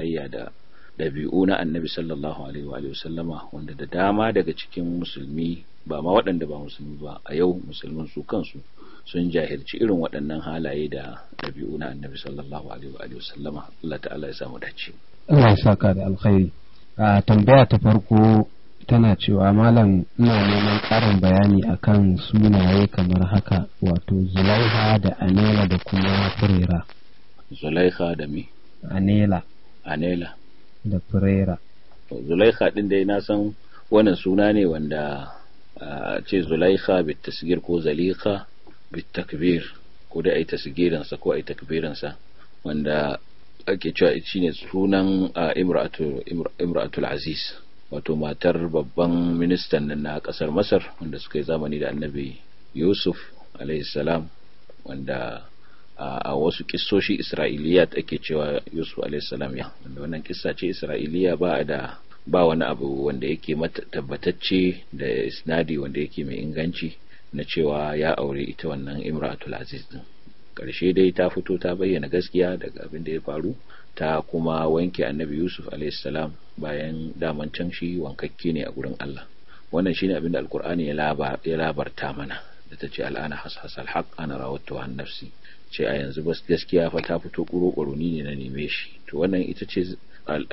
soyayya da ɗabi'u na annabi sallallahu alaihi wa sallama wanda da dama daga cikin musulmi ba ma waɗanda ba musulmi ba a yau musulmin su kansu sun jahilci irin waɗannan halaye da ɗabi'u na annabi sallallahu alaihi wa sallama Allah ta'ala ya samu dace Allah ya saka da alkhairi a tambaya ta farko tana cewa malam ina neman ƙarin bayani akan sunaye kamar haka wato zulaiha da anela da kuma furera zulaiha da me anela Anela. Da Pereira. Zulaikha din dai na san wannan suna ne wanda a ce Zulaikha bi tasgir ko Zalika bi takbir ko da ai tasgirinsa ko ai takbirinsa wanda ake cewa shine sunan Imratul Aziz wato matar babban ministan nan na kasar Masar wanda suka yi zamani da Annabi Yusuf alayhi salam wanda a wasu kissoshi isra'iliya ake cewa yusuf alaihissalam ya da wannan kissa ce isra'iliya ba da ba wani abu wanda yake tabbatacce da isnadi wanda yake mai inganci na cewa ya aure ita wannan imratul aziz din karshe dai ta fito ta bayyana gaskiya daga abin da ya faru ta kuma wanke annabi yusuf alaihissalam bayan daman can shi wankakke ne a gurin allah wannan shine abin da alkur'ani ya labarta mana da ta ce al'ana hashas alhaq ana rawatu an nafsi ce a yanzu bas gaskiya fa ta fito kuro ni ne na neme shi to wannan ita ce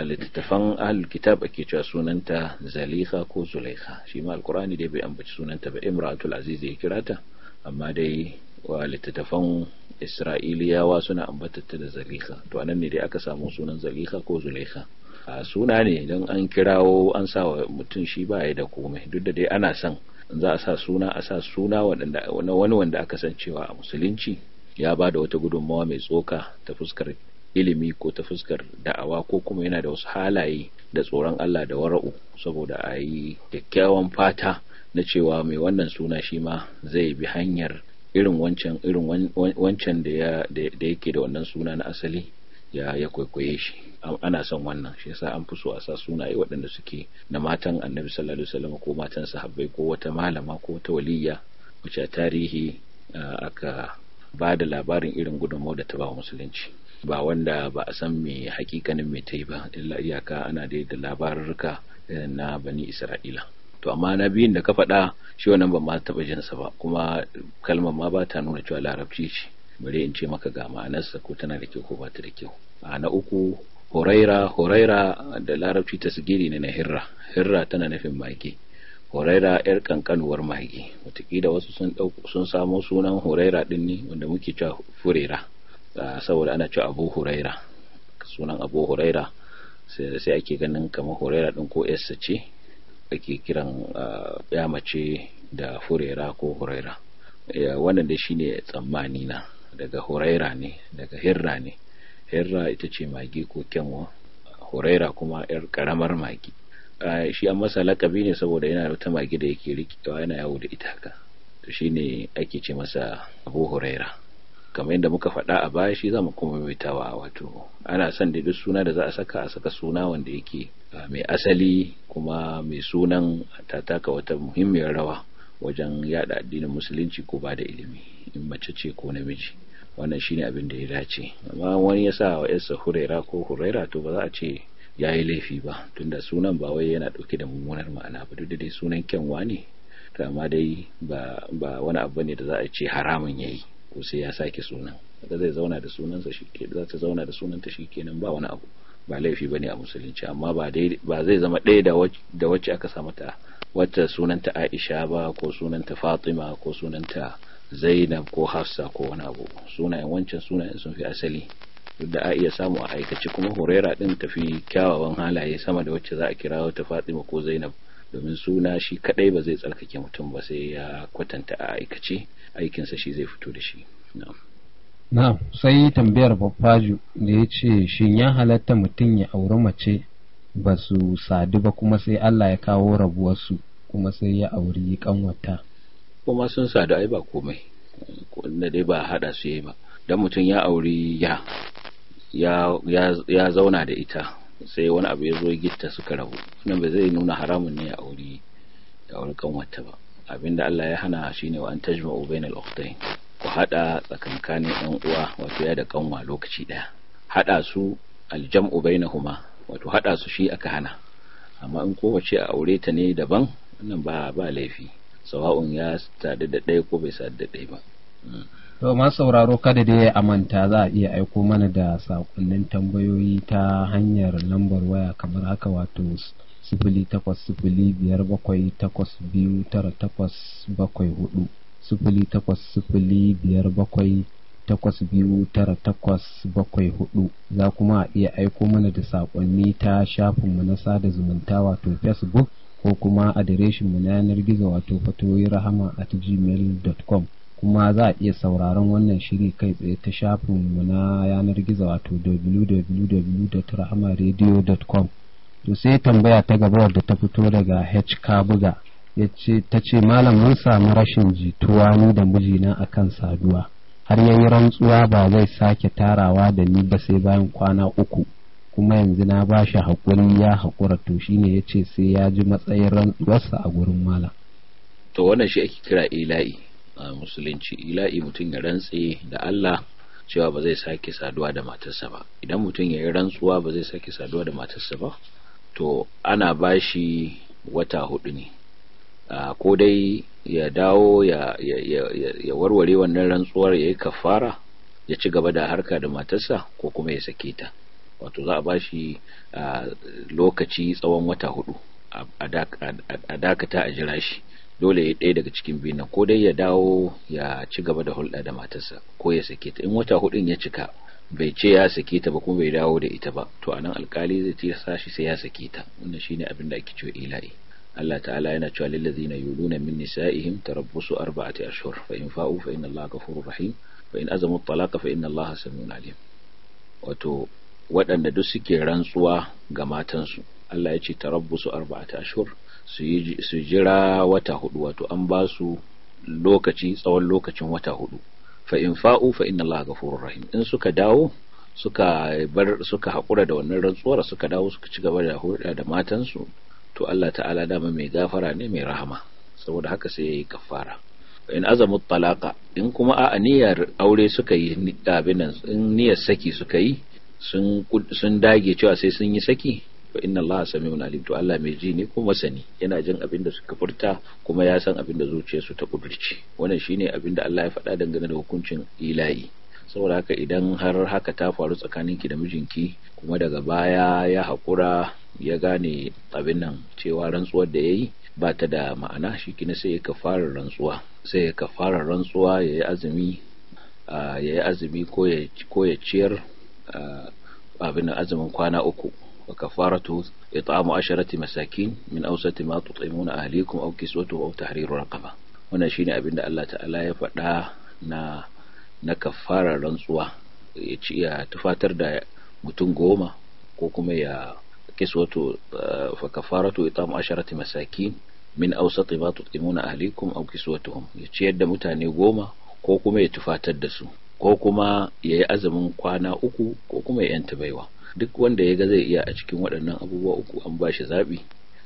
littattafan ahlul kitab ake cewa sunanta zalika ko zulaikha shi ma alqur'ani dai bai ambaci sunanta ba imratul aziz ya kira ta amma dai wa littattafan isra'iliyawa suna ambata ta da zalika to anan ne dai aka samu sunan zalika ko zulaikha a suna ne don an kirawo an sa wa mutum shi baya da komai duk da dai ana son za a sa suna a sa suna wani wanda aka san cewa a musulunci ya ba da wata gudunmawa mai tsoka ta fuskar ilimi ko ta fuskar da'awa ko kuma yana da wasu halaye da tsoron Allah da wara'u saboda a yi kyakkyawan fata na cewa mai wannan suna shi ma zai bi hanyar irin wancan irin wancan da yake da wannan suna na asali ya ya kwaikwaye shi ana son wannan shi yasa an fi so a sa sunaye waɗanda suke na matan annabi sallallahu alaihi wasallam ko matan sahabbai ko wata malama ko wata waliyya wacce tarihi aka ba da labarin irin gudunmawar da ta ba musulunci ba wanda ba a san me hakikanin me ta yi ba illa iyaka ana da da labarurka na bani isra'ila to amma na biyun da ka faɗa shi wannan ban ma taɓa jinsa ba kuma kalmar ma ba ta nuna cewa larabci ce bari in ce maka ga ma'anarsa ko tana da kyau ko ba ta da kyau a na uku horaira horaira da larabci ta sigiri ne na hirra hirra tana nufin mage horaira yar kankanuwar magi watakila wasu sun sun samo sunan horaira din ne wanda muke cewa furera ah, saboda ana cewa abu horaira sunan abu horaira sai ake ganin kamar horaira din ko yarsa ce ake kiran ya ah, mace da furera ko horaira wannan dai shine tsammani na daga horaira ne daga hirra ne hirra ita ce magi ko kyanwa horaira kuma yar karamar magi shi an masa lakabi ne saboda yana da wata mage da yake rikewa yana yawo da ita haka to shi ne ake ce masa Abu Huraira kamar yadda muka faɗa a baya shi za mu kuma maimaitawa wato ana son da duk suna da za a saka a saka suna wanda yake mai asali kuma mai sunan ta taka wata muhimmiyar rawa wajen yada addinin musulunci ko ba da ilimi in mace ce ko namiji wannan shine abin da ya dace amma wani ya sa wa yarsa huraira ko huraira to ba za a ce ya yi laifi ba tunda sunan ba wai yana ɗauke da mummunar ma'ana ba duk da dai sunan kyanwa ne to amma dai ba wani abu ne da za a ce haramun ya yi ko sai ya sake sunan da zai zauna da sunansa shi ke za ta zauna da sunanta shi kenan ba wani abu ba laifi ba ne a musulunci amma ba zai zama ɗaya da wacce aka samu ta wacce sunanta aisha ba ko sunanta fatima ko sunanta zainab ko hafsa ko wani abu sunayen wancan sunayen sun fi asali da a iya samu a aikace kuma horera din tafi kyawawan halaye sama da wacce za a kira wata fatima ko zainab domin suna shi kadai ba zai tsarkake mutum ba sai ya kwatanta a aikace aikinsa shi zai fito da shi na'am sai tambayar babbaju da ya ce shin ya halatta mutum ya auri mace ba su sadu ba kuma sai Allah ya kawo rabuwarsu kuma sai ya auri kanwata kuma sun sadu ai ba komai wanda dai ba hada su yi ba dan mutum ya auri ya ya zauna da ita sai wani abu ya zo gitta suka rabu wannan ba zai nuna haramun ne ya auri ya auri kanwata ba abinda Allah ya hana shine wa antajma tajma'u bainal ukhtayn ku hada tsakankanin ɗan uwa wato ya da kanwa lokaci daya hada su aljam'u bainahuma wato hada su shi aka hana amma in kowace a aure ta ne daban wannan ba ba laifi sawa'un ya sadu da ɗaya ko bai sadu da ɗaya ba hmm. To masu sauraro kada dai ya amanta za a iya aiko mana da sakonnin tambayoyi ta hanyar lambar waya kamar haka wato sifili takwas sifili biyar bakwai takwas biyu tara takwas bakwai hudu sifili takwas sifili biyar bakwai takwas biyu tara takwas bakwai hudu za kuma a iya aiko mana da sakonni ta shafinmu na sada zumunta wato facebook ko kuma adireshinmu na yanar gizo wato fatoyi rahama at gmail.com kuma za a iya sauraron wannan shiri kai tsaye ta shafin mu na yanar gizo wato www.rahamaradio.com to sai tambaya ta gaba wadda ta fito daga h kabuga yace ce ta ce malam mun samu rashin jituwa ni da mijina akan saduwa har yayi rantsuwa ba zai sake tarawa da ni ba sai bayan kwana uku kuma yanzu na ba shi haƙuri ya haƙura to shine yace sai ya ji matsayin rantsuwarsa a gurin malam to wannan shi ake kira ila'i a musulunci ila'i mutum ya rantse da Allah cewa ba zai sake saduwa da matarsa ba idan mutum ya yi rantsuwa ba zai sake saduwa da matarsa ba to ana bashi wata hudu ne ko dai ya dawo ya, ya, ya, ya warware wannan rantsuwar ya yi kafara ya ci gaba da harka da matarsa ko kuma ya sake ta wato za a bashi lokaci tsawon wata hudu a dakata a jira shi dole ya ɗaya daga cikin biyu ko dai ya dawo ya ci gaba da hulɗa da matarsa ko ya sake ta in wata hudun ya cika bai ce ya sake ta ba kuma bai dawo da ita ba to anan alkali zai tilasta shi sai ya sake ta wannan shine abin da ake cewa ila'i Allah ta'ala yana cewa lil ladzina yuluna min nisa'ihim tarabbusu arba'ati ashhur fa in fa'u fa inna Allaha ghafurur rahim fa in azamu talaqa fa inna Allaha samiun alim wato waɗanda duk suke rantsuwa ga matansu Allah ya ce tarabbusu arba'ati ashhur su jira wata hudu wato an ba su lokaci tsawon lokacin wata hudu fa in fa'u fa inna Allah ghafurur rahim in suka dawo suka bar suka hakura da wannan rantsuwar suka dawo suka ci gaba da hulɗa da matansu to Allah ta'ala dama mai gafara ne mai rahama saboda haka sai yayi kafara in azamu talaka in kuma a niyyar aure suka yi abin nan in niyyar saki suka yi sun sun dage cewa sai sun yi saki fa inna Allah samiun alim to Allah mai ji ne ko masani yana jin abin da suka furta kuma ya san abin da su ta kudurci wannan shine abin da Allah ya faɗa dangane da hukuncin ilayi saboda haka idan har haka ta faru tsakanin ki da mijinki kuma daga baya ya haƙura ya gane abin nan cewa rantsuwar da ya yi ba ta da ma'ana shi kina sai ya kafara rantsuwa sai ya kafara rantsuwa ya yi azumi ya azumi ko ya ciyar abin azumin kwana uku وكفارته إطعام عشرة مساكين من أوسط ما تطعمون أهليكم أو كسوته أو تحرير رقبة wannan shine abin da Allah ta'ala ya faɗa na na kafara rantsuwa ya ci ya tufatar da mutum goma ko kuma ya kiswatu fa kafaratu itam asharati masakin min awsati ma tutimuna ahlikum aw kiswatuhum ya ci yadda mutane goma ko kuma ya tufatar da su ko kuma ya yi azumin kwana uku ko kuma ya yanta baiwa duk wanda ya ga zai iya a cikin waɗannan abubuwa uku an ba shi zaɓi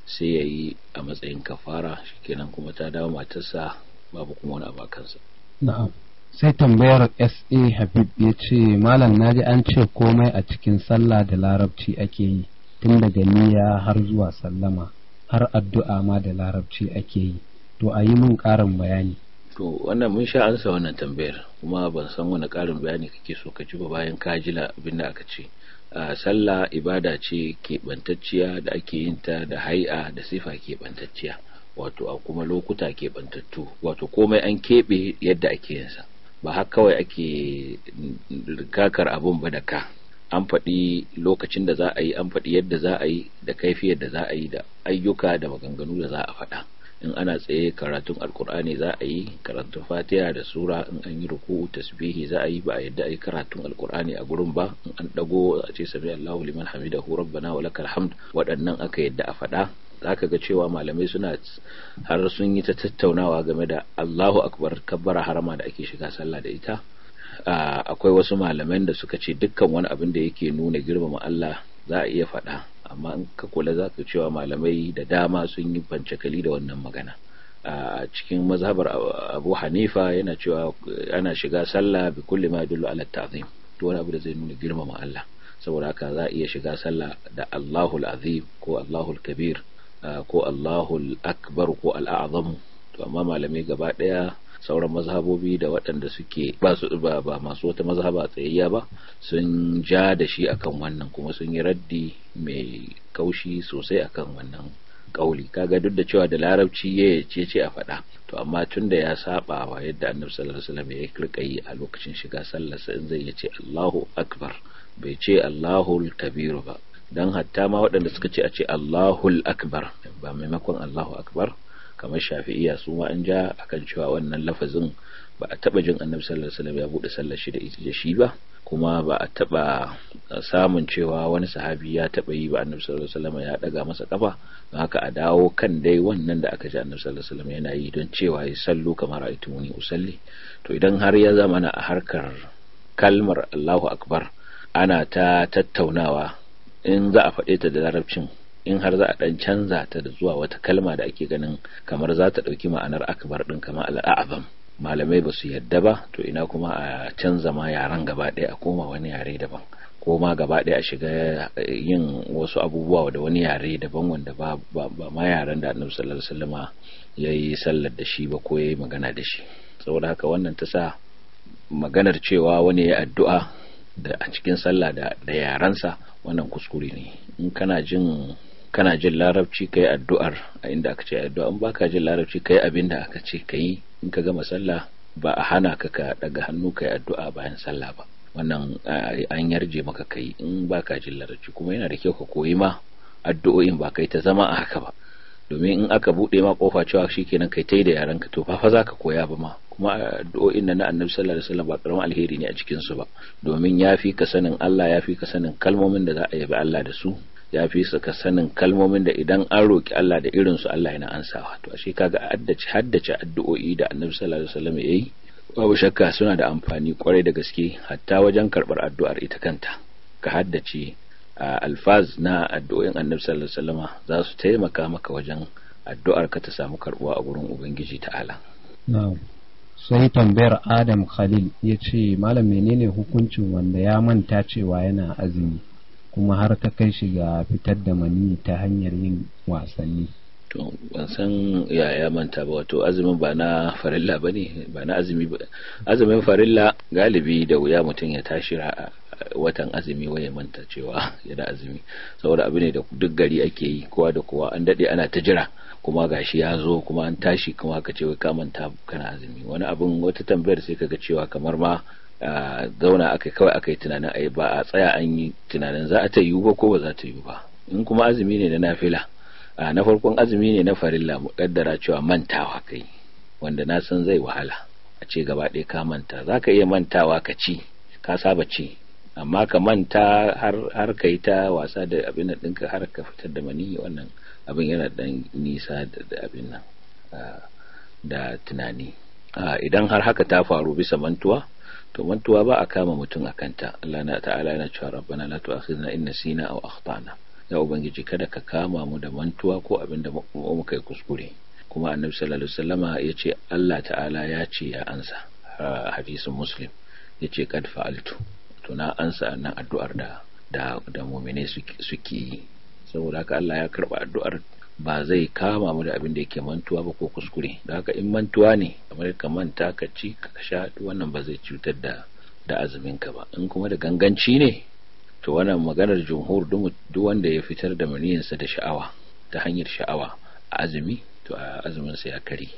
sai ya yi a matsayin kafara shikenan kuma ta dawo matarsa babu kuma wani abu kansa na'am sai tambayar sa habib ya ce malam na ji an ce komai a cikin sallah da larabci ake yi tun daga niyya har zuwa sallama har addu'a ma da larabci ake yi to a yi min ƙarin bayani to wannan mun sha ansa wannan tambayar kuma ban san wani ƙarin bayani kake so ka ci ba bayan ka ji abin da aka ce sallah ibada ce keɓantacciya da ake yin ta da hai'a da sifa keɓantacciya wato a kuma lokuta keɓantattu wato komai an keɓe yadda ake yin sa ba haka kawai ake rikakar abun ba da ka an faɗi lokacin da za a yi an faɗi yadda za a yi da kaifiyar da za a yi da ayyuka da maganganu da za a faɗa in ana tsaye karatun alkur'ani za a yi karatun fatiha da sura in an yi ruku'u tasbihi za a yi ba a yadda a yi karatun alkur'ani a gurin ba in an dago a ce sami allahu liman hamidahu rabbana wa lakal hamd waɗannan aka yadda a faɗa zaka ga cewa malamai suna har sun yi ta tattaunawa game da Allahu akbar kabbara harama da ake shiga sallah da ita akwai wasu malaman da suka ce dukkan wani abin da yake nuna girmama Allah za a iya faɗa amma in ka kula za ka cewa malamai da dama sun yi bancakali da wannan magana a cikin mazhabar abu hanifa yana cewa ana shiga sallah bi kulli ma yadullu ala ta'zim to wani abu da zai nuna girmama Allah saboda haka za a iya shiga sallah da Allahul azim ko Allahul kabir ko Allahul akbar ko al-a'zam to amma malamai gaba daya sauran mazhabobi da waɗanda suke ba su ba ba masu wata mazhaba tsayayya ba sun ja da shi akan wannan kuma sun yi raddi mai kaushi sosai akan wannan kauli kaga duk da cewa da larabci ya ce ce a faɗa to amma tun da ya saba wa yadda annabi sallallahu alaihi wasallam ya rika yi a lokacin shiga sallarsa in zai ce Allahu akbar bai ce Allahul kabiru ba dan hatta ma waɗanda suka ce a ce Allahul akbar ba maimakon Allahu akbar kamar shafi'iya su ma an ja akan cewa wannan lafazin ba a taba jin annabi sallallahu alaihi wasallam ya bude sallar shi da ita shi ba kuma ba a taba samun cewa wani sahabi ya taba yi ba annabi sallallahu alaihi wasallam ya daga masa kafa don haka a dawo kan dai wannan da aka ji annabi sallallahu alaihi wasallam yana yi don cewa ya sallu kamar aitumuni usalli to idan har ya zamana a harkar kalmar Allahu akbar ana ta tattaunawa in za a faɗe ta da larabcin in har za a dan canza ta da zuwa wata kalma da ake ganin kamar za ta ɗauki ma'anar akbar ɗin kamar al'a'abam malamai ba su yadda ba to ina kuma a canza ma yaren gaba ɗaya a koma wani yare daban ko ma gaba ɗaya a shiga eh, yin wasu abubuwa da wani yare daban wanda ba ma yaren da annabi sallallahu alaihi ya yi sallar da shi ba ko ya yi magana da shi saboda haka wannan ta sa maganar cewa wani ya addu'a da a cikin sallah da yarensa wannan kuskure ne in kana jin kana jin larabci kai addu'ar a inda aka ce addu'a in baka jin larabci kai abin da aka ce kai in ka gama sallah ba a hana ka ka daga hannu kai addu'a bayan sallah ba wannan an yarje maka kai in baka jin larabci kuma yana da kyau ka koyi ma addu'o'in ba kai ta zama a haka ba domin in aka bude ma kofa cewa shi shikenan kai tai da yaran to fa fa zaka koya ba ma kuma addu'o'in nan na Annabi sallallahu alaihi wasallam ba karamin alheri ne a cikin su ba domin yafi ka sanin Allah yafi ka sanin kalmomin da za a yabi Allah da su ya fi su ka sanin kalmomin da idan an roki Allah da irin su Allah yana sawa to ashe kaga addace haddace addu'o'i da Annabi sallallahu alaihi wasallam yayi babu shakka suna da amfani kwarai da gaske hatta wajen karbar addu'ar ita kanta ka haddace alfaz na addu'o'in Annabi sallallahu alaihi wasallama za su taimaka maka wajen addu'ar ka ta samu karbuwa a gurin Ubangiji ta'ala na'am sai tambayar Adam Khalil ya ce malam menene hukuncin wanda ya manta cewa yana azumi kuma har ka kai shi ga fitar da mani ta hanyar yin wasanni to ban san yaya manta ba wato azumin ba na farilla ba ne ba na azumi ba azumin farilla galibi da wuya mutum ya tashi watan azumi waye manta cewa yana azumi saboda abu ne da duk gari ake yi kowa da kowa an dade ana ta jira kuma gashi ya zo kuma an tashi kuma ka ce ka manta kana azumi wani abin wata tambayar sai kaga cewa kamar ma a zauna aka kawai aka yi tunanin ai ba a tsaya an yi tunanin za a ta yiwu ba ko ba za ta yiwu ba in kuma azumi ne na nafila na farkon azumi ne na farilla mu kaddara cewa mantawa kai wanda na san zai wahala a ce gaba ɗaya ka manta za ka iya mantawa ka ci ka saba ci amma ka manta har ka yi ta wasa da abin nan ɗinka har ka fitar da mani wannan abin yana dan nisa da abin nan da tunani idan har haka ta faru bisa mantuwa to mantuwa ba a kama mutum a kanta Allah na ta'ala yana cewa rabbana la tu'akhidna in nasina aw akhtana ya ubangiji kada ka kama mu da mantuwa ko abin da muka yi kuskure kuma annabi sallallahu alaihi wasallama yace Allah ta'ala ya ce ya ansa hadisin muslim yace kad fa'altu to na ansa annan addu'ar da da da mu'mine suke yi saboda haka Allah ya karba addu'ar ba zai kama mu da abin da yake mantuwa ba ko kuskure da haka in mantuwa ne kamar ka manta ka ci ka sha wannan ba zai cutar da da azumin ka ba in kuma da ganganci ne to wannan maganar jumhur duk wanda ya fitar da maniyinsa da sha'awa ta hanyar sha'awa a azumi to a azumin sa ya kare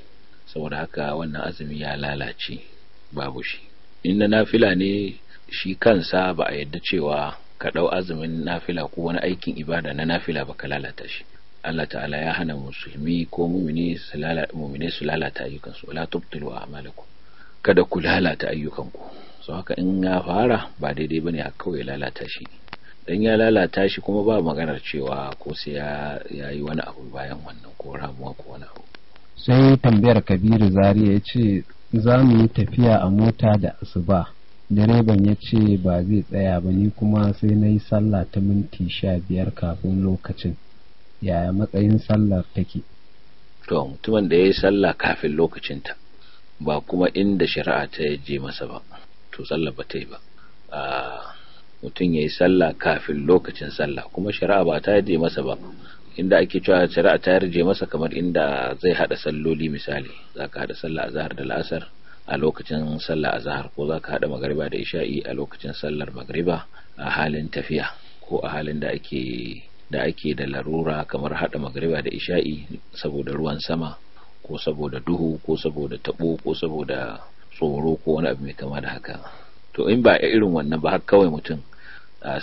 saboda haka wannan azumi ya lalace babu shi in na nafila ne shi kansa ba a yadda cewa ka ɗau azumin nafila ko wani aikin ibada na nafila ba ka lalata shi Allah ta'ala ya hana musulmi ko mumini su lalata ayyukansu wala tubtilu a'malakum kada ku lalata ayyukanku so haka in ya fara ba daidai bane a kawai lalata shi dan ya lalata shi kuma ba maganar cewa ko sai ya yi wani abu bayan wannan ko ramuwa ko wani abu sai tambayar kabiru zariya ya ce za mu yi tafiya a mota da asuba direban ya ce ba zai tsaya ba ni kuma sai na yi sallah ta minti sha biyar kafin lokacin yaya matsayin sallar take to mutumin da ya yi sallah kafin lokacinta ba kuma inda shari'a ta je masa ba to sallah ba ta yi ba mutum ya yi sallah kafin lokacin sallah kuma shari'a ba ta je masa ba inda ake cewa shari'a ta yarje masa kamar inda zai hada salloli misali za ka hada sallah azhar da la'asar a lokacin sallah azhar ko za ka hada magariba da isha'i a lokacin sallar magariba a halin tafiya ko a halin da ake da ake da larura kamar hada magariba da isha'i saboda ruwan sama ko saboda duhu ko saboda taɓo ko saboda tsoro ko wani abu mai kama da haka to in ba irin wannan ba har kawai mutum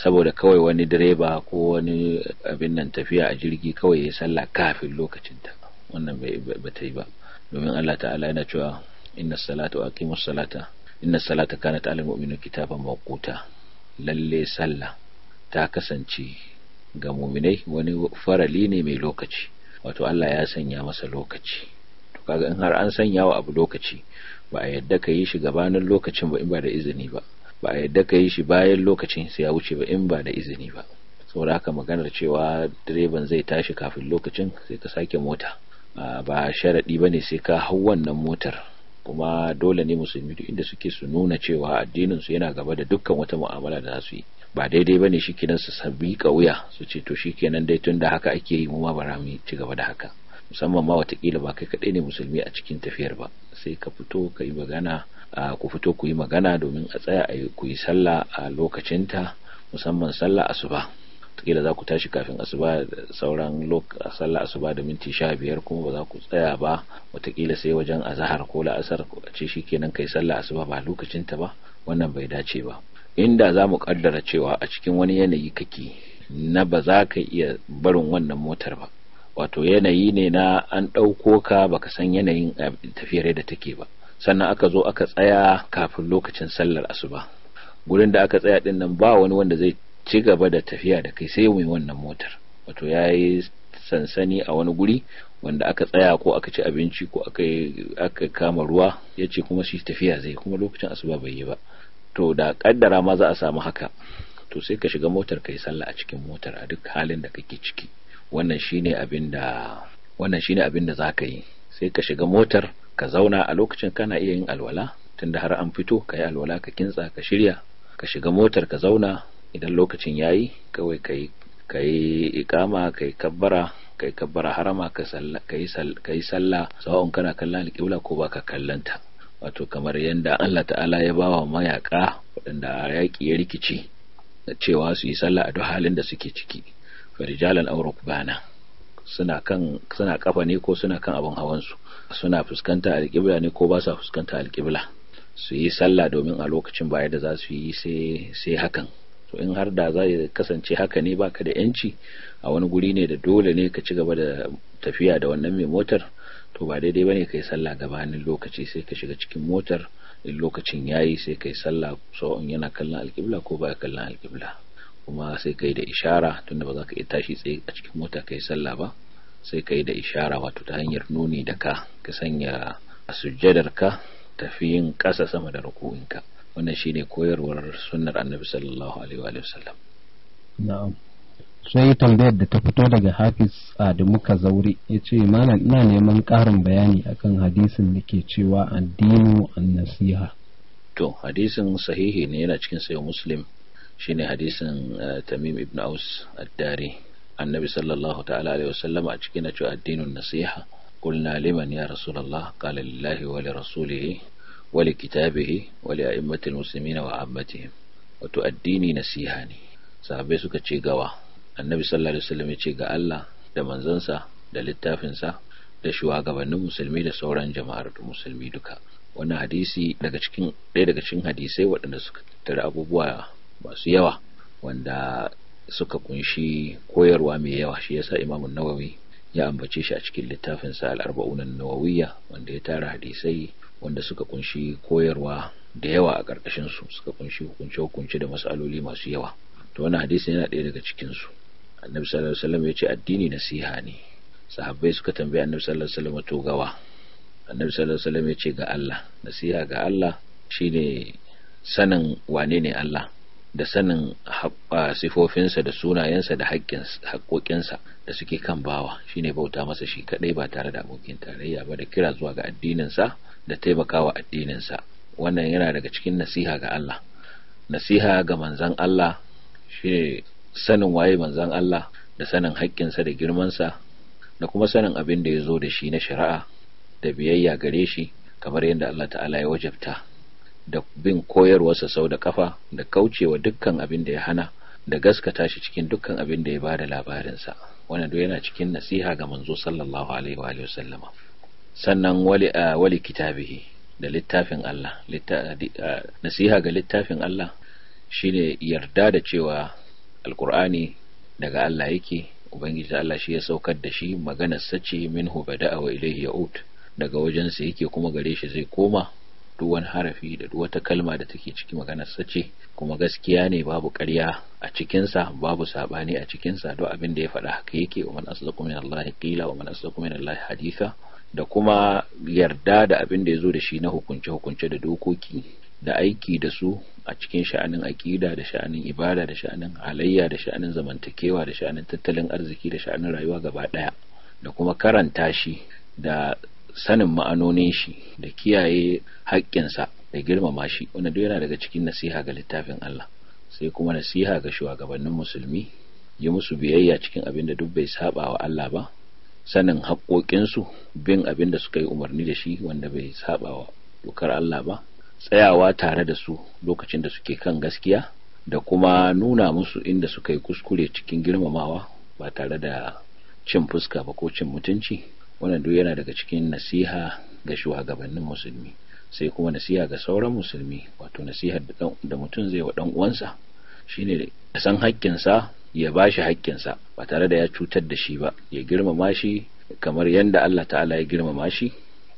saboda kawai wani direba ko wani abin nan tafiya a jirgi kawai ya sallah kafin lokacinta wannan ba ta yi ba domin Allah ta'ala yana cewa inna salata wa aqimus salata inna salata kanat alal mu'minina kitaban mawquta lalle sallah ta kasance ga muminai wani farali ne mai lokaci wato Allah ya sanya masa lokaci to kaga in har an sanya wa abu lokaci ba a yadda ka yi shi gabanin lokacin ba in ba da izini ba ba a yadda ka yi shi bayan lokacin sai ya wuce ba in ba da izini ba saboda haka maganar cewa direban zai tashi kafin lokacin sai ka sake mota ba sharadi ba ne sai ka hau wannan motar kuma dole ne musulmi duk inda suke su nuna cewa addininsu yana gaba da dukkan wata mu'amala da za su yi ba daidai bane shikenan su sabbi kauya su ce to shikenan dai tunda haka ake yi mu ma bara mu ci gaba da haka musamman ma watakila ba kai kaɗai ne musulmi a cikin tafiyar ba sai ka fito ka yi magana ku fito ku yi magana domin a tsaya a ku yi sallah a lokacinta musamman sallah asuba watakila za ku tashi kafin asuba sauran sallah asuba da minti sha biyar kuma ba za ku tsaya ba watakila sai wajen azahar ko la'asar a ce kenan kai sallah asuba ba lokacinta ba wannan bai dace ba inda za mu kaddara cewa a cikin wani yanayi kake na ba za ka iya barin wannan motar ba wato yanayi ne na an ɗauko ka baka san yanayin eh, tafiyar da take ba sannan aka zo aka tsaya kafin lokacin sallar asuba gurin da aka tsaya din nan ba wani wanda zai ci gaba da tafiya da kai sai mai wannan motar wato ya yi sansani a wani guri wanda aka tsaya ko aka ci abinci ko aka kama ruwa ya ce kuma shi tafiya zai kuma lokacin asuba bai yi ba to da kaddara ma za a samu haka to sai ka shiga motar kai sallah a cikin motar a duk halin da kake ciki wannan shine abin da wannan shine abin da zaka yi sai ka shiga motar ka zauna a lokacin kana iya yin alwala tunda har an fito ka yi alwala ka kintsa ka shirya ka shiga motar ka zauna idan lokacin yayi kawai kai kai ikama kai kabbara kai kabbara harama ka sallah kai sallah sawa'un kana kallon alƙibla ko baka kallanta wato kamar yadda Allah ta'ala ya ba wa mayaka waɗanda yaƙi ya rikici da cewa su yi sallah a duk halin da suke ciki farijalan auruk bana suna kan suna kafa ne ko suna kan abin hawansu suna fuskanta alƙibla ne ko ba sa fuskanta alƙibla su yi sallah domin a lokacin baya da za su yi sai hakan to in har da za kasance haka ne baka da yanci a wani guri ne da dole ne ka ci gaba da tafiya da wannan mai motar to ba daidai bane kai sallah gabanin lokaci sai ka shiga cikin motar in lokacin yayi sai kai sallah sawa'un yana kallon alƙibla ko ba kallon alƙibla kuma sai kai da ishara tunda ba za ka iya tashi tsaye a cikin mota kai sallah ba sai kai da ishara wato ta hanyar nuni da ka ka sanya a sujjadar ka tafi yin ƙasa sama da ruku'inka wannan shine koyarwar sunnar annabi sallallahu alaihi wa sallam na'am sai tambayar da ta fito daga hafiz adamu Zauri ya ce mana ina neman ƙarin bayani akan hadisin da ke cewa addinu an nasiha to hadisin sahihi ne yana cikin sayo muslim shine hadisin eh, tamim ibn aus addari annabi sallallahu ta'ala alaihi wasallam a cikin cewa addinun nasiha qulna liman ya rasulullah qala lillahi wa li rasulihi wa li kitabihi wa li a'immatil wa ammatihim wato addini nasiha ne sahabbai suka ce gawa annabi sallallahu alaihi wasallam ya ce ga Allah da manzansa da littafinsa da shugabannin musulmi da sauran jama'ar musulmi duka wannan hadisi daga cikin ɗaya daga cikin hadisai waɗanda suka tattara abubuwa masu yawa wanda suka kunshi koyarwa mai yawa shi yasa Imam Nawawi ya ambace shi a cikin littafinsa al-arba'un an wanda ya tara hadisai wanda suka kunshi koyarwa da yawa a ƙarƙashin su suka kunshi hukunce hukunce da masaloli masu yawa to wannan hadisi yana ɗaya daga cikin su annabi sallallahu alaihi wasallam ya ce addini nasiha ne sahabbai suka tambaye annabi sallallahu alaihi wasallam to gawa annabi sallallahu alaihi wasallam ya ce ga Allah nasiha ga Allah shine sanin wane ne Allah da sanin sifofinsa da sunayensa da haƙoƙinsa da suke kan bawa shine bauta masa shi kaɗai ba tare da abokin tarayya ba da kira zuwa ga addininsa da taimakawa addininsa wannan yana daga cikin nasiha ga Allah nasiha ga manzon Allah shine sanin waye manzan Allah da sanin haƙƙinsa da girmansa da kuma sanin abin da ya zo da shi na shari'a da biyayya gare shi kamar yadda Allah ta'ala ya wajabta da bin koyarwarsa sau da kafa da kaucewa dukkan abin da ya hana da gaskata shi cikin dukkan abin da ya bada labarinsa wannan duk yana cikin nasiha ga manzo sallallahu alaihi wa wasallama sannan wali wali kitabihi da littafin Allah nasiha ga littafin Allah shine yarda da cewa alkur'ani daga Allah yake ubangiji Allah shi ya saukar da shi magana sace minhu bada'a wa ilayhi ya'ud daga wajensa yake kuma gare shi zai koma duk wani harafi da duk wata kalma da take ciki magana sace kuma gaskiya ne babu ƙarya a cikinsa babu sabani a cikinsa duk abin da ya faɗa haka yake wa man asdaqu min Allah qila wa man asdaqu min Allah haditha da kuma yarda da abin da ya zo da shi na hukunce hukunce da dokoki da aiki da su a cikin sha'anin aƙida da sha'anin ibada da sha'anin halayya da sha'anin zamantakewa da sha'anin tattalin arziki da sha'anin rayuwa gaba ɗaya da kuma karanta shi da sanin ma'anonin shi da kiyaye haƙƙinsa da girmama shi wanda duk yana daga cikin nasiha ga littafin Allah sai kuma nasiha ga shugabannin musulmi yi musu biyayya cikin abin da duk bai saba wa Allah ba sanin haƙoƙinsu bin abin da suka yi umarni da shi wanda bai saba wa dokar Allah ba tsayawa tare da su lokacin da suke kan gaskiya da kuma nuna musu inda suka yi kuskure cikin girmamawa ba tare da cin fuska ba ko cin mutunci wannan duk yana daga cikin nasiha ga shugabannin musulmi sai kuma nasiha ga sauran musulmi wato nasiha da mutum zai wa dan uwansa shine da san haƙƙinsa ya ba bashi haƙƙinsa ba tare da ya cutar da shi ba ya girmama shi kamar yadda Allah ta'ala ya girmama shi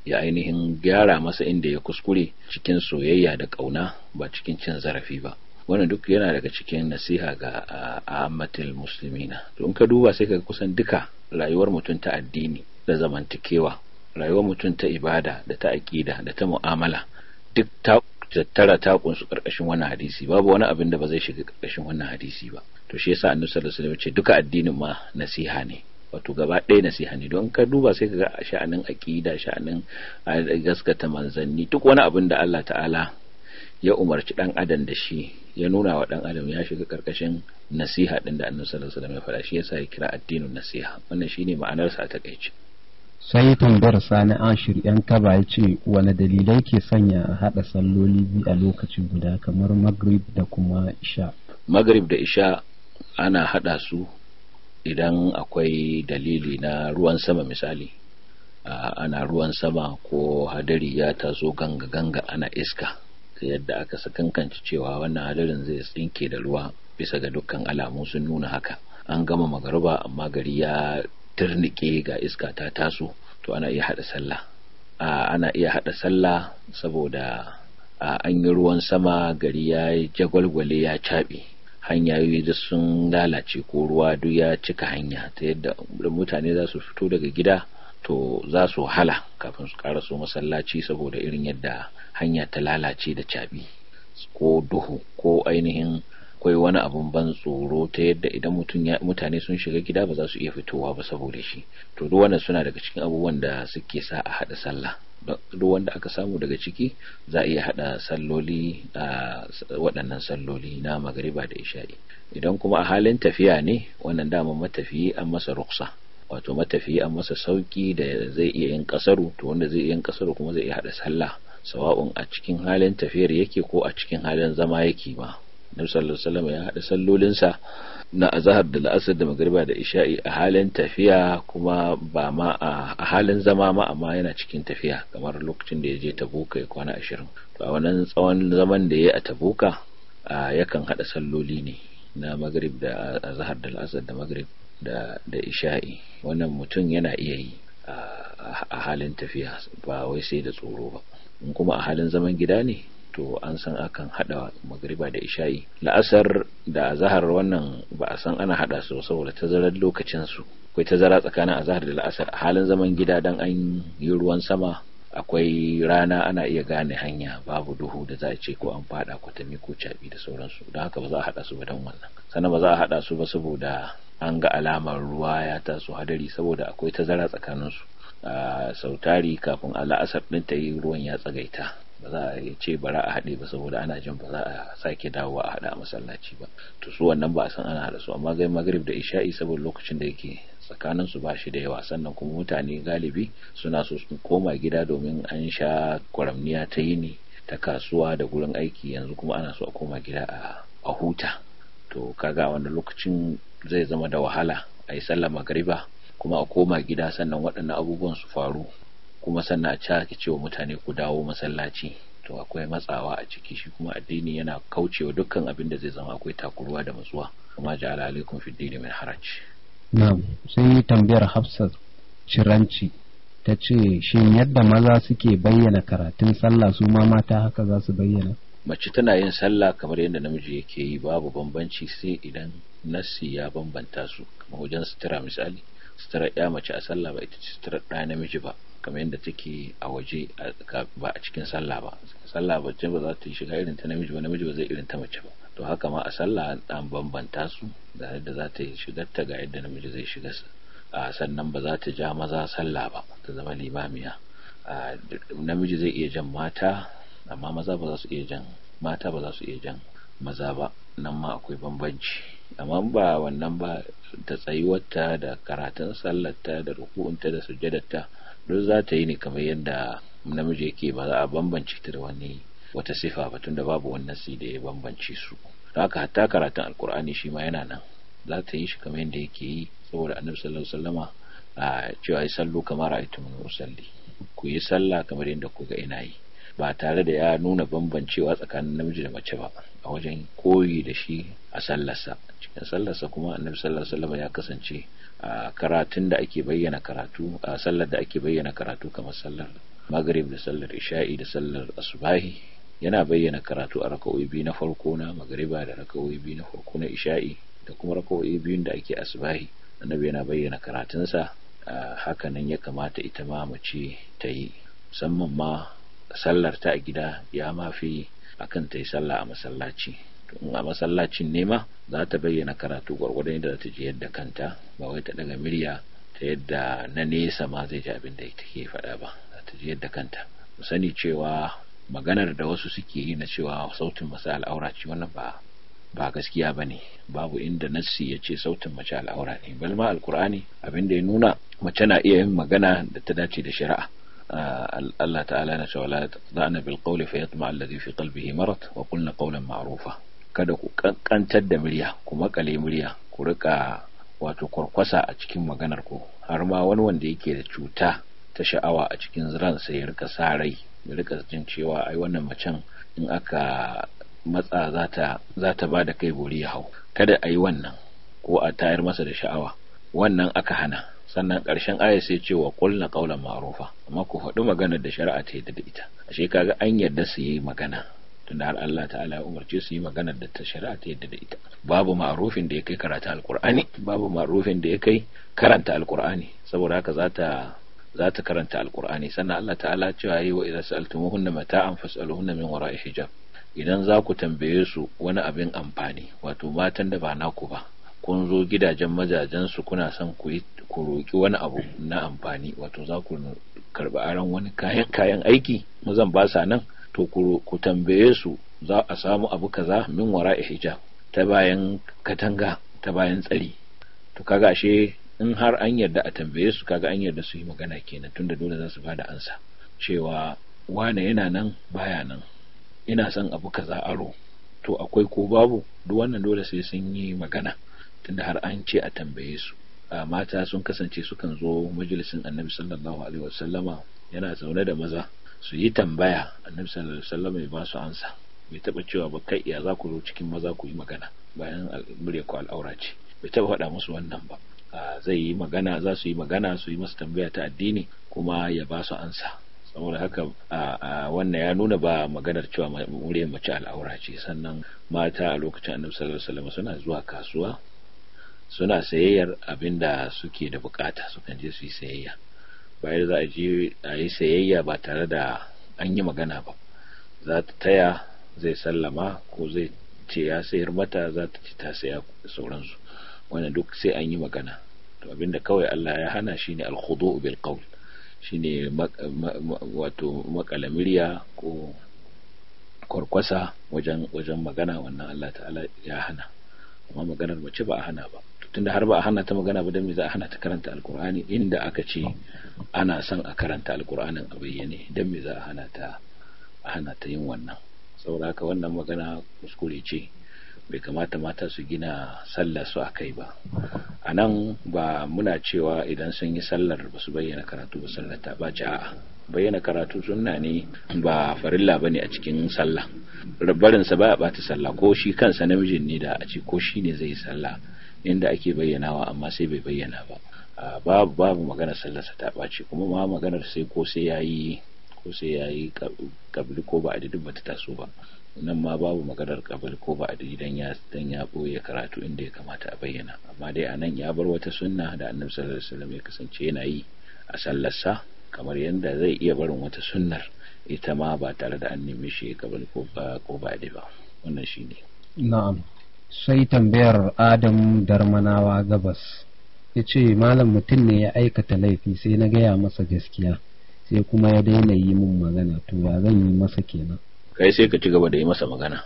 ya ainihin gyara masa inda ya kuskure cikin soyayya da ƙauna ba cikin cin zarafi ba wannan duk yana daga cikin nasiha ga musulmi muslimina to in ka duba sai ka kusan duka rayuwar mutum ta addini da zamantakewa rayuwar mutum ta ibada da ta aƙida da ta mu'amala duk ta tattara ta kunsu karkashin wannan hadisi babu wani abin da ba zai shiga karkashin wannan hadisi ba to shi yasa annabi sallallahu alaihi wasallam ce duka addinin ma nasiha ne wato gaba ɗaya nasiha ne don ka duba sai ka ga sha'anin aƙida sha'anin gaskata manzanni duk wani abin da Allah ta'ala ya umarci dan adam da shi ya nuna wa dan adam ya shiga karkashin nasiha din da annabi sallallahu alaihi wasallam ya faɗa shi yasa ya kira addinin nasiha wannan shine ma'anar sa ta takeice sai tambayar sani ashir yan kaba ya ce wani dalilai ke sanya a haɗa salloli biyu a lokaci guda kamar maghrib da kuma isha maghrib da isha ana hada su idan akwai dalili na ruwan sama misali ana ruwan sama ko hadari ya taso ganga-ganga ana iska ta yadda aka sakankanci cewa wannan hadarin zai tsinke da ruwa bisa ga dukkan alamu sun nuna haka an gama magaruba amma gari ya turnike ga iska ta taso to ana iya haɗa sallah A ana iya haɗa sallah saboda an yi ruwan sama gari ya jagwalgwale ya caɓe hanyayoyi da sun lalace ko ruwa duk ya cika hanya ta yadda mutane za su fito daga gida to za su wahala kafin su su masallaci saboda irin yadda hanya ta lalace da cabi ko duhu ko ainihin kwai wani abun ban tsoro ta yadda idan mutane sun shiga gida ba za su iya fitowa ba saboda shi to duk wannan suna daga cikin abubuwan da suke sa a haɗa sallah duk wanda aka samu daga ciki za a iya hada salloli a waɗannan salloli na magariba da isha'i idan kuma a halin tafiya ne wannan dama matafiyi an masa ruksa wato matafiyi an masa sauki da zai iya yin kasaru to wanda zai iya yin kasaru kuma zai iya hada sallah sawa'un a cikin halin tafiyar yake ko a cikin halin zama yake ma. nabi sallallahu alaihi wasallam ya hada sallolinsa na azhar da la'asar da magriba da isha'i a halin tafiya kuma ba ma a halin zama ma amma yana cikin tafiya kamar lokacin da ya je tabuka ya kwana ashirin to a wannan tsawon zaman da ya a tabuka yakan hada salloli ne na magrib da azhar da la'asar da magrib da da isha'i wannan mutum yana iya yi a halin tafiya ba wai sai da tsoro ba kuma a halin zaman gida ne to an san akan hada magariba da isha'i la'asar da azahar wannan ba a san ana hada su saboda tazarar lokacin su akwai tazara tsakanin azahar da la'asar a halin zaman gida dan an yi ruwan sama akwai rana ana iya gane hanya babu duhu da za a ce ko an fada kwatami ko cabi da sauransu don haka ba za a hada su ba don wannan sannan ba za a hada su ba saboda an ga alamar ruwa ya taso hadari saboda akwai tazara tsakanin su a sautari kafin a la'asar ɗin ta yi ruwan ya tsagaita ba za a ce bara a haɗe ba saboda ana jin ba za a sake dawo a haɗa a masallaci ba to su wannan ba a san ana haɗa su amma gai magrib da isha'i saboda lokacin da yake tsakanin su ba shi da yawa sannan kuma mutane galibi suna so su koma gida domin an sha kwaramniya ta yini ta kasuwa da gurin aiki yanzu kuma ana so a koma gida a huta to kaga wanda lokacin zai zama da wahala a yi sallah magariba kuma a koma gida sannan waɗannan abubuwan su faru kuma sannan a ci ake cewa mutane ku dawo masallaci to akwai matsawa a ciki shi kuma addini yana kaucewa dukkan abin da zai zama akwai takurwa da matsuwa kuma ja'ala alaikum fi dini min haraj na'am sai tambayar hafsa ciranci ta ce shin yadda maza suke bayyana karatun sallah su ma mata haka za su bayyana mace tana yin sallah kamar yadda namiji yake yi babu bambanci sai idan nassi ya bambanta su kamar wajen sutura misali sutura ya mace a sallah ba ita ce sutura ɗaya namiji ba kamar yadda take a waje ba a cikin sallah ba sallah mace ba za ta yi shiga irin ta namiji ba namiji ba zai irin ta mace ba to haka ma a sallah an bambanta su da yadda za ta yi shigar ta ga yadda namiji zai shiga a sannan ba za ta ja maza sallah ba ta zama limamiya namiji zai iya jan mata amma maza ba za su iya jan mata ba za su iya jan maza ba nan ma akwai bambanci amma ba wannan ba ta tsayuwarta da karatun sallarta da ruku'unta da ta. duk za ta yi ne kamar yadda namiji yake ba za a bambance ta da wani wata sifa ba tunda babu wani nasi da ya bambance su haka hatta karatun alkur'ani shi ma yana nan za ta yi shi kamar yadda yake yi saboda annabi sallallahu alaihi wasallama a cewa yi sallu kamar ra'aytum musalli ku yi sallah kamar yadda ku ga ina yi ba tare da ya nuna bambancewa tsakanin namiji da mace ba a wajen koyi da shi a sallarsa da sallarsa kuma annabi sallallahu alaihi wasallam ya kasance a karatun da ake bayyana karatu a sallar da ake bayyana karatu kamar sallar maghrib da sallar isha'i da sallar asubahi yana bayyana karatu a raka'o'i biyu na farko na magriba da raka'o'i biyu na farko na isha'i da kuma raka'o'i biyun da ake asubahi annabi yana bayyana karatunsa hakanan ya kamata ita ma mace ta yi musamman ma sallar ta a gida ya mafi akan ta yi sallah a masallaci a masallacin nema za ta bayyana karatu gwargwadon yadda za ta ji yadda kanta ba wai ta daga murya ta yadda na nesa ma zai ji abin da take faɗa ba za ta ji yadda kanta mu sani cewa maganar da wasu suke yi na cewa sautin masu al'aura ce wannan ba ba gaskiya ba ne babu inda nassi ya ce sautin mace al'aura ne bal ma alkur'ani abin da ya nuna mace na iya yin magana da ta dace da shari'a Allah ta'ala na cewa la ta'ana bil qawli fa yatma alladhi fi qalbihi marad wa qulna qawlan ma'rufa kada ku kankantar da murya ku makale murya ku rika wato kwarkwasa a cikin maganar ku har ma wani wanda yake da cuta ta sha'awa a cikin sai ya rika sa rai ya rika jin cewa ai wannan macen in aka matsa za ta ba da kai bori ya hau kada a yi wannan ko a tayar masa da sha'awa wannan aka hana sannan ƙarshen aya sai ce wa kulna qaulan ma'rufa amma ku faɗi maganar da shari'a ta yadda da ita ashe kaga an yarda su yi magana tunda har Allah ta'ala ya umarce su yi maganar da ta shari'a ta yadda da ita babu ma'arufin da ya kai karata alkur'ani babu ma'arufin da ya kai karanta alkur'ani saboda haka za ta za ta karanta alkur'ani sannan Allah ta'ala cewa yi wa idan sa'altumuhunna mata'an fas'aluhunna min wara'i hijab idan za ku tambaye su wani abin amfani wato matan da ba naku ba kun zo gidajen mazajen su kuna son ku yi ku roki wani abu na amfani wato za ku karba aran wani kayan kayan aiki zan ba sa nan to ku tambaye su za a samu abu kaza min wara hijab ta bayan katanga ta bayan tsari to kaga ashe in har an yarda a tambaye su kaga an yarda su yi magana kenan tunda dole za su bada ansa cewa wane yana nan baya nan ina son abu kaza aro to akwai ko babu duk wannan dole sai sun yi magana tunda har an ce a tambaye su mata sun kasance sukan zo majalisin annabi sallallahu alaihi wasallama yana zaune da maza su yi tambaya annabi sallallahu alaihi wasallam ya ba su ansa bai taba cewa ba kai ya za ku zo cikin maza ku yi magana bayan murya ku al'aura ce bai taba faɗa musu wannan ba zai yi magana za su yi magana su yi masa tambaya ta addini kuma ya ba su ansa saboda haka wannan ya nuna ba maganar cewa muryar mace al'aura ce sannan mata a lokacin annabi sallallahu alaihi wasallam suna zuwa kasuwa suna sayayyar abin da suke da bukata kan je su yi sayayya yadda za a je a yi sayayya ba tare da an yi magana ba za ta taya zai sallama ko zai ce ya sayar mata za ta ce ta saya sauransu wanda duk sai an yi magana to abinda kawai Allah ya hana shine al-khudu' bil qawl shine wato makalamiriya ko kwarkwasa wajen wajen magana wannan Allah ta'ala ya hana amma maganar mace ba a hana ba tunda har ba a hana ta magana ba don me za a hana ta karanta alkur'ani inda aka ce ana son a karanta alkur'anin a bayyane dan me za a hana ta a hana ta yin wannan saboda haka wannan magana kuskure ce bai kamata mata su gina sallar su a kai ba a nan ba muna cewa idan sun yi sallar ba su bayyana karatu ba sallar ta ba a'a bayyana karatu sunna ne ba farilla bane a cikin sallah barinsa ba ya bata sallah ko shi kansa namijin ne da a ce ko shi ne zai yi sallah inda ake bayyanawa amma sai bai bayyana ba babu babu magana sallarsa ta bace kuma ma maganar sai ko sai ya ko sai ya kabli ko ba a duk bata taso ba nan ma babu maganar kabli ko ba a dan ya dan ya boye karatu inda ya kamata a bayyana amma dai a nan ya bar wata sunna da annabi sallallahu alaihi wasallam ya kasance yana yi a sallarsa kamar yadda zai iya barin wata sunnar ita ma ba tare da an nemi shi kabli ko ba ko ba da ba wannan shine na'am sai tambayar adam darmanawa gabas ya ce malam mutum ne ya aikata laifi sai na gaya masa gaskiya sai kuma ya daina yi mun magana to ya zan yi masa kenan kai sai ka ci gaba da yi masa magana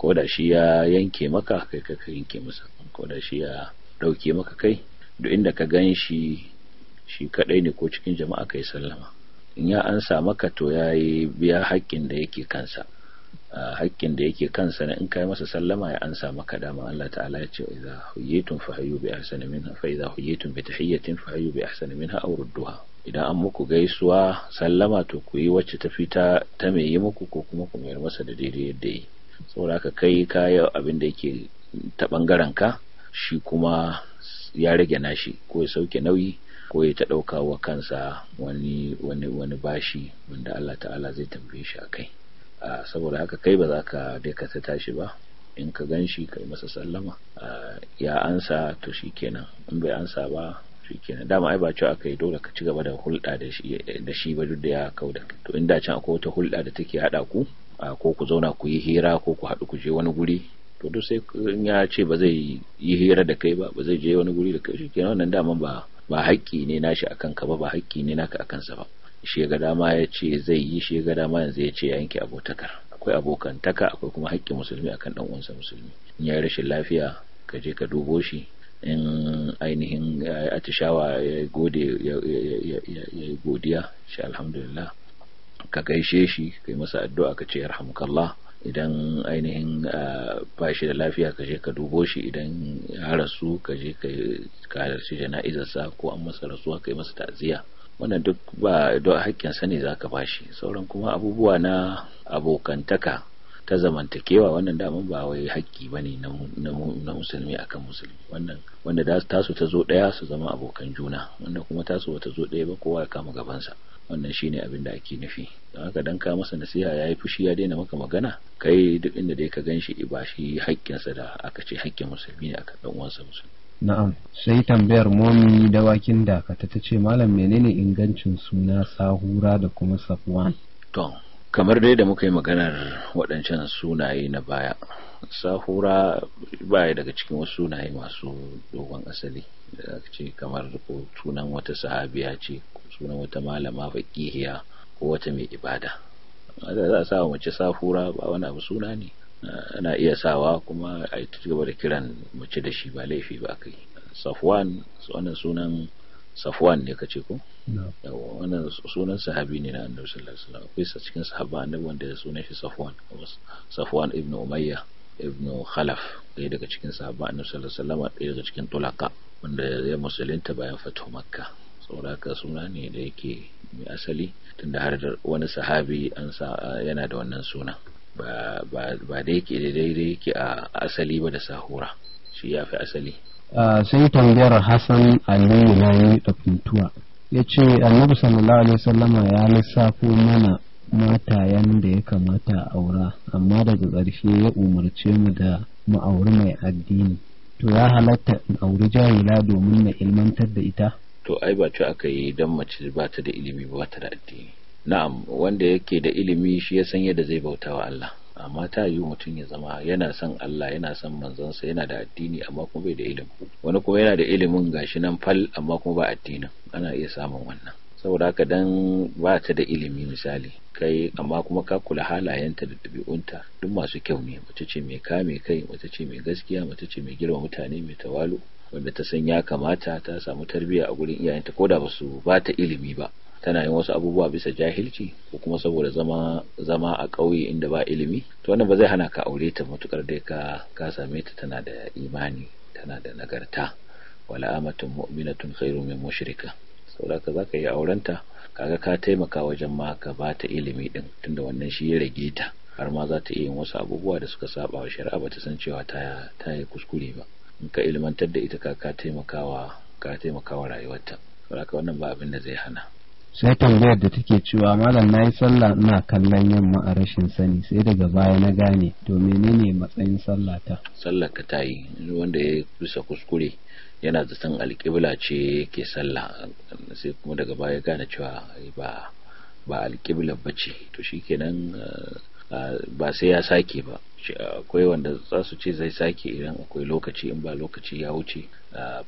ko da shi ya yanke maka kai ka yanke masa ko da shi ya dauke maka kai duk inda ka gan shi shi kadai ne ko cikin jama'a kai sallama in ya ansa maka to ya yi biya haƙƙin da yake kansa haƙƙin da yake kansa na in kai masa sallama ya ansa maka dama Allah ta'ala ya ce idza huyitum fa hayyu bi ahsani minha fa idza huyitum bi tahiyyatin fa hayyu bi ahsani minha aw rudduha idan an muku gaisuwa sallama to ku yi wacce ta fita ta me yi muku ko kuma ku mayar masa da daidai yadda yi saboda haka kai kaya abin da yake ta bangaren ka shi kuma ya rage nashi ko ya sauke nauyi ko ya ta ɗauka wa kansa wani wani wani bashi wanda Allah ta'ala zai tambaye shi a kai saboda haka kai ba za ka dakata tashi ba in ka gan shi kai masa sallama ya ansa to shi kenan in bai ansa ba shi kenan dama ai ba cewa aka yi dole ka ci gaba da hulɗa da shi ba duk da ya kau da to inda can akwai wata hulɗa da take haɗa ku ko ku zauna ku yi hira ko ku haɗu ku je wani guri to duk sai ya ce ba zai yi hira da kai ba ba zai je wani guri da kai shi kenan wannan daman ba ba haƙƙi ne nashi akan ka ba ba haƙƙi ne naka akan sa ba shegada ga dama ya ce zai yi shegada ga dama yanzu ya ce yanke abotakar akwai abokantaka akwai kuma hakkin musulmi akan kan ɗan'uwansa musulmi in ya rashin lafiya ka je ka dubo shi in ainihin atishawa ya gode ya godiya shi alhamdulillah ka gaishe shi ka yi masa addu'a ka ce yarhamukallah idan ainihin ba shi da lafiya ka je ka dubo shi idan ya rasu ka je ka halarci jana'izarsa ko an masa rasuwa ka yi masa ta'aziyya wannan duk ba don haƙƙinsa ne za ka bashi sauran kuma abubuwa na abokantaka ta zamantakewa wannan daman ba wai haƙƙi ba ne na musulmi akan musulmi wannan wanda da tasu ta zo ɗaya su zama abokan juna wanda kuma tasu ta zo ɗaya ba kowa ya kama gabansa wannan shine abin da ake nufi don haka dan ka masa nasiha ya yi fushi ya daina maka magana kai duk inda dai ka gan shi ba shi haƙƙinsa da aka ce haƙƙin musulmi ne akan ɗan uwansa musulmi na'am sai tambayar momi dawakin dakata ta ce malam menene ingancin suna sahura da kuma safwan to kamar dai da muka yi maganar waɗancan sunaye na baya sahura baya daga cikin wasu sunaye masu dogon asali da ce kamar sunan wata sahabiya ce sunan wata malama baƙihiya ko wata mai ibada za a sa mace sahura ba wani abu suna ne ana iya sawa kuma a yi gaba da kiran mace da shi ba laifi ba kai safwan wannan sunan safwan ne kace ko wannan sunan sahabi ne na annabi sallallahu alaihi wasallam akwai cikin sahaba annabi wanda ya sunan shi safwan safwan ibnu umayya ibnu khalaf ɗaya daga cikin sahaba annabi sallallahu alaihi wasallam ɗaya daga cikin tulaka wanda ya musulunta bayan fatu makka sauraka suna ne da yake mai asali tunda har wani sahabi an sa yana da wannan sunan. ba da yake daidai yake a asali ba da sahura shi ya fi asali sai tambayar hassan aliyu na yi da puntuwa ya ce annabi sallallahu alaihi wasallama ya lissafo mana mata yadda ya kamata aura amma daga ƙarshe ya umarce mu da ma'auri mai addini to ya halatta in auri jahila domin na ilmantar da ita to ai ba ci aka yi don mace ba ta da ilimi ba ta da addini na'am wanda yake da ilimi shi ya san yadda zai bauta wa Allah amma ta yi mutum ya zama yana son Allah yana son manzansa yana da addini amma kuma bai da ilimi wani kuma yana da ilimin gashi nan fal amma kuma ba addinin ana iya samun wannan saboda haka dan ba ta da ilimi misali kai amma kuma ka kula halayenta da ɗabi'unta duk masu kyau ne mace ce mai kame kai mace ce mai gaskiya mace ce mai girma mutane mai tawalu wanda ta san ya kamata ta samu tarbiyya a gurin iyayenta ko da ba su ba ta ilimi ba tana yin wasu abubuwa bisa jahilci ko kuma saboda zama zama a ƙauye inda ba ilimi to wannan ba zai hana ka aure ta matukar dai ka ka same ta tana da imani tana da nagarta wala amatun mu'minatun khairu min mushrika saboda ka zaka yi aurenta kaga ka taimaka wajen ma ka ba ta ilimi din tunda wannan shi ya rage ta har ma za ta iya yin wasu abubuwa da suka saba wa shari'a ba ta san cewa ta ta yi kuskure ba in ka ilmantar da ita ka ka taimakawa ka taimakawa rayuwarta saboda ka wannan ba abin da zai hana sai tambayar da take cewa malam na yi sallah ina kallon yamma a rashin sani sai daga baya na gane to menene matsayin sallah ta sallah ka ta yi wanda ya bisa kuskure yana zaton alƙibla ce ke sallah sai kuma daga baya gane cewa ba ba alƙibla ba ce to shikenan eh, ba sai ya sake ba akwai wanda za su ce zai sake idan akwai lokaci in ba lokaci ya wuce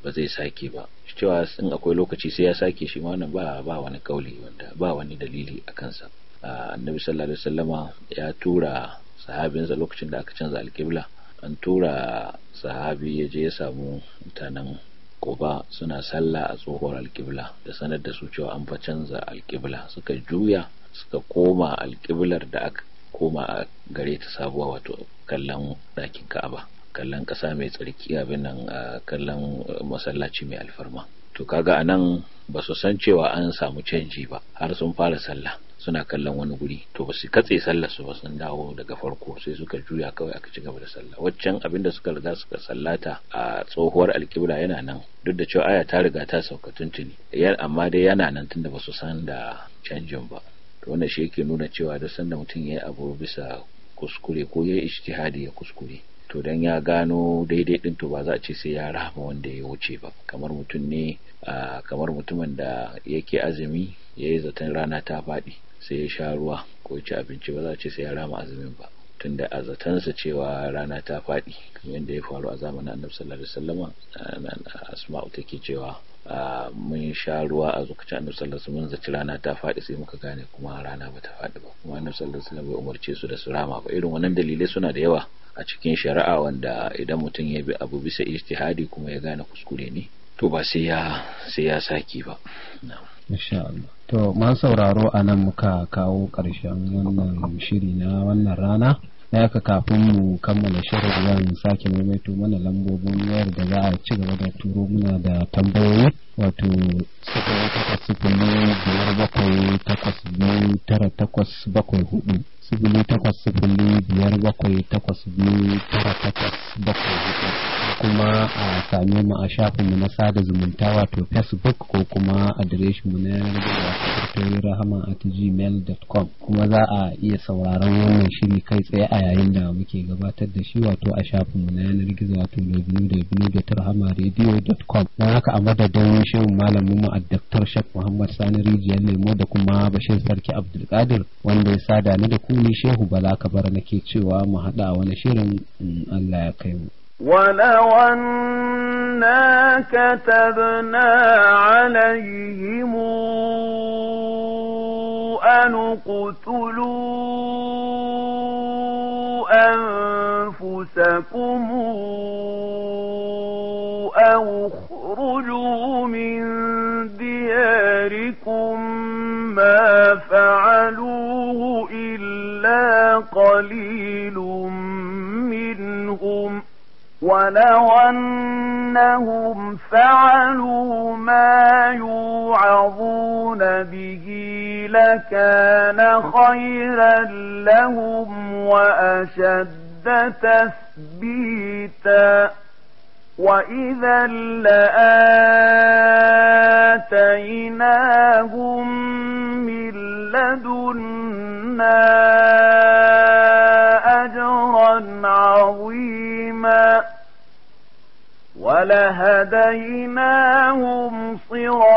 ba zai sake ba cewa in akwai lokaci sai ya sake shi wannan ba ba wani kauli wanda ba wani dalili a kansa annabi sallallahu alaihi wasallama ya tura sahabinsa lokacin da aka canza alkibla an tura sahabi ya je ya samu mutanen koba suna sallah a tsohuwar alkibla da sanar da su cewa an fa canza alkibla suka juya suka koma alkiblar da aka koma a gare ta sabuwa wato kallon ɗakin ka'aba kallon ƙasa mai tsarki abin nan kallon eh, masallaci mai alfarma to kaga anan ba su san cewa an samu canji ba har sun fara sallah suna kallon wani guri to ba su katse sallar su ba sun dawo daga farko sai suka juya kawai aka ci gaba da sallah waccan abin da suka riga suka sallata a tsohuwar alkibla yana nan duk da cewa aya ta riga ta sauka tuntuni amma dai yana nan tunda ba su san da canjin ba wannan shi yake nuna cewa da sanda mutum ya yi abu bisa kuskure ko ya yi ijtihadi ya kuskure to dan ya gano daidai din to ba za a ce sai ya rahama wanda ya wuce ba kamar mutum ne kamar mutumin da yake azumi ya yi zaton rana ta faɗi sai ya sha ruwa ko ya ci abinci ba za a ce sai ya rama azumin ba tunda a zatansa cewa rana ta faɗi yadda ya faru a zamanin annabi sallallahu alaihi wasallam asma'u take cewa mun sha ruwa a zukacin annabi sallallahu alaihi wasallam zaci rana ta faɗi sai muka gane kuma rana bata faɗi ba kuma annabi sallallahu alaihi wasallam bai umarce su da su rama ba irin wannan dalilai suna da yawa a cikin shari'a wanda idan mutum ya bi abu bisa ijtihadi kuma ya gane kuskure ne to ba sai ya sai ya saki ba insha Allah to ma sauraro anan muka kawo ƙarshen wannan shiri na wannan rana na haka kafin mu kammala shirin ruwan sake maimaito mana lambobin wayar da za a ci gaba da turo muna da tambayoyi wato sifili takwas sifili biyar bakwai takwas biyu tara takwas bakwai hudu sifili takwas sifili biyar bakwai takwas biyu tara takwas bakwai hudu kuma a same mu a shafin mu na sada zumunta wato facebook ko kuma adireshin mu na yanar rahama at gmail.com kuma za a iya sauraron wannan shiri kai tsaye a yayin da muke gabatar da shi wato a shafin mu na yanar gizo wato www.rahamaradio.com don haka a madadin shirin malamin mu a daktar shek muhammad sani rijiyar lemo da kuma bashir sarki abdulkadir wanda ya sada ni da kuni shehu bala kabar nake cewa mu haɗa wani shirin Allah ya kai mu. ولو أنا كتبنا عليهم أن اقتلوا ولو أنهم فعلوا ما يوعظون به لكان خيرا لهم وأشد تثبيتا وإذا لآتيناهم من لدنا أجرا عظيما ولهديناهم صراطا